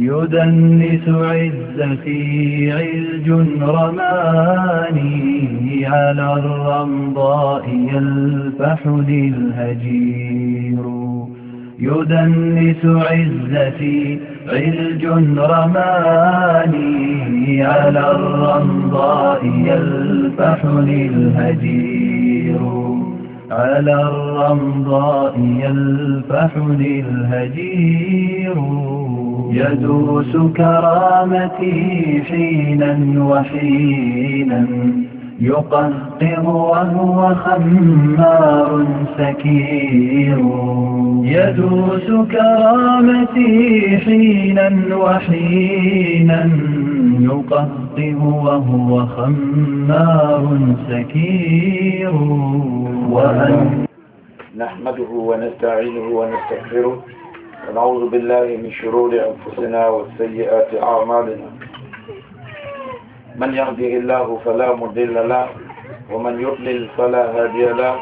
يدنس عزتي عز رماني على الرمضاء يلفح الهجير يدنس عزتي علج رماني على الرمضاء يلفح الهجير على الرمضاء يلفح الهجير يدوس كرامتي حينا وحينا يقهقر وهو خمار سكير يدوس كرامتي حينا وحينا يقهقه وهو خمار سكير وأن نحمده ونستعينه ونستغفره ونعوذ بالله من شرور أنفسنا وسيئات أعمالنا من يهده الله فلا مضل له ومن يضلل فلا هادي له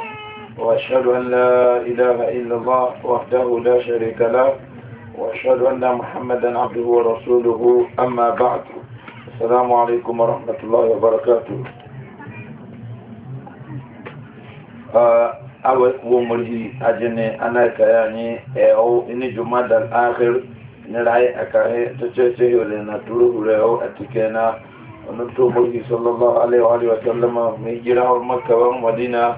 وأشهد أن لا إله إلا الله وحده لا شريك له وأشهد أن محمدا عبده ورسوله أما بعد السلام عليكم ورحمة الله وبركاته آه، awa wo murhi ajini ana kaya ni eo ini jumadal akhir nirai akahe tucheche yule na turu huleo atikena onutu murhi sallallahu alaihi wa sallam mejira hor makka wa madina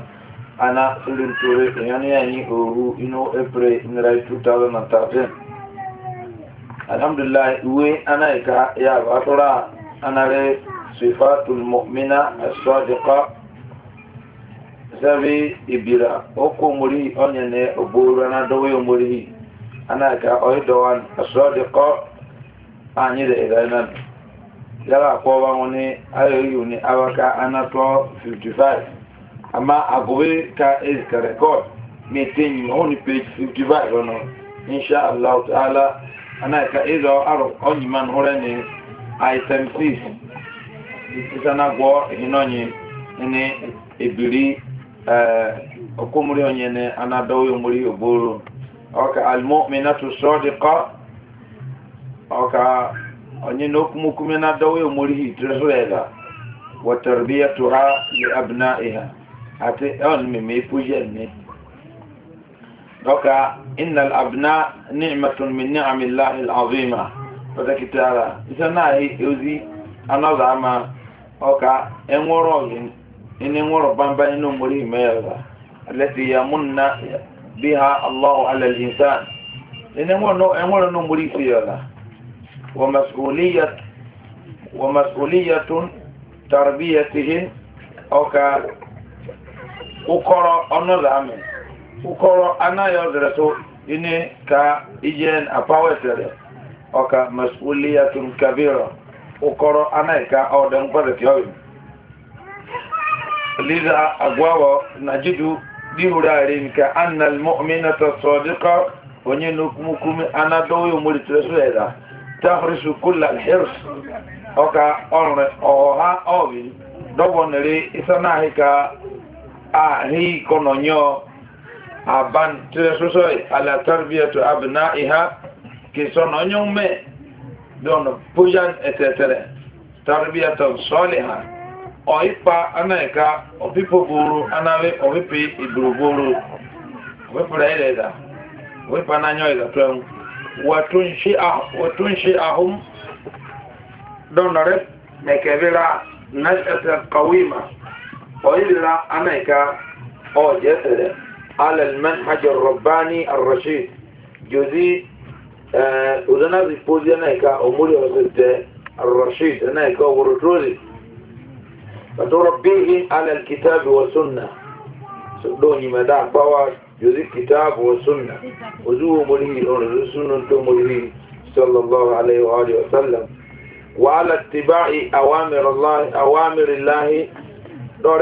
ana sulun turu yani yani ohu ino april nirai 2013 alhamdulillah uwe ana ka ya batora ana re sifatul mu'mina as-sadiqa sabi ibira oko muri onye ne oburu na dowe muri hi ana ka oyi dowan asodiqo anyi da idanan yara ko ba woni ayoyu ka ana anato 55 amma agobe ka is ka record meeting on page 55 ono insha Allah ta'ala ana ka ido aro onyi man hore ne item 6 isana go hinonyi ne ibiri okomori onyene anadau yomori oboro oka almu'minatu sadiqa oka onyene okumukume nadau yomori hitrezwega wa tarbiyatuha li abnaiha ate on meme ipujenne oka inna alabna ni'matun min ni'ami llahi alazima otakitala isanahi ozi anazama oka enworo ogini ini ngoro bamba inu muri mela alati yamunna biha Allah ala al-insan ini ngoro eh, ngoro nu muri fiyala wa mas'uliyat wa mas'uliyatun tarbiyatihi oka ukoro ono lami ukoro anayo dreso ini ka ijen apawetere oka mas'uliyatun kabira ukoro anayka odem kwa rekyoyin liza agwawo na jidu dihurare nke annal mu'minata sadiqa onye nukumukumi anadowo yomori tere su eda tahrisu kulla alhirs oka ọrẹ ọha ọbi dọgbọnere isanahi ka ahi kọnọnyọ aban tere su sọ ala tarbiyatu abna iha kisọnọnyọ mẹ dọnà pujan etetere tarbiyatan sọlihan ọ̀ípa anáìka ọ̀pípòboro anáwé ọ̀wípe ìbòròboro ọ̀pípòrò ilẹ̀ ẹ̀dà ọ̀wípa anáyọ̀ ẹ̀dà tó ẹ̀hún wọ̀tún ṣe àhún dọ́nàrẹ́ mẹ̀kẹ̀bíra náṣẹ̀ṣẹ̀ kọ̀wéèmà ọ̀yìnlá anáìka ọ̀jẹ̀sẹ̀rẹ̀ alẹ́lmẹ́ hajjọ rọ̀báni arọ̀ṣì jòzí ọ̀dọ́nà rìpọ́sí anáìka ọ̀múrí ọ̀sẹ̀ tẹ arọ̀ṣì anáìka ọ̀wọ̀rọ̀ فتربيه على الكتاب والسنة سلوني مدع بوار يذي الكتاب والسنة وزوه مليه ونزو سنة مليه صلى الله عليه وآله وسلم وعلى اتباع أوامر الله أوامر الله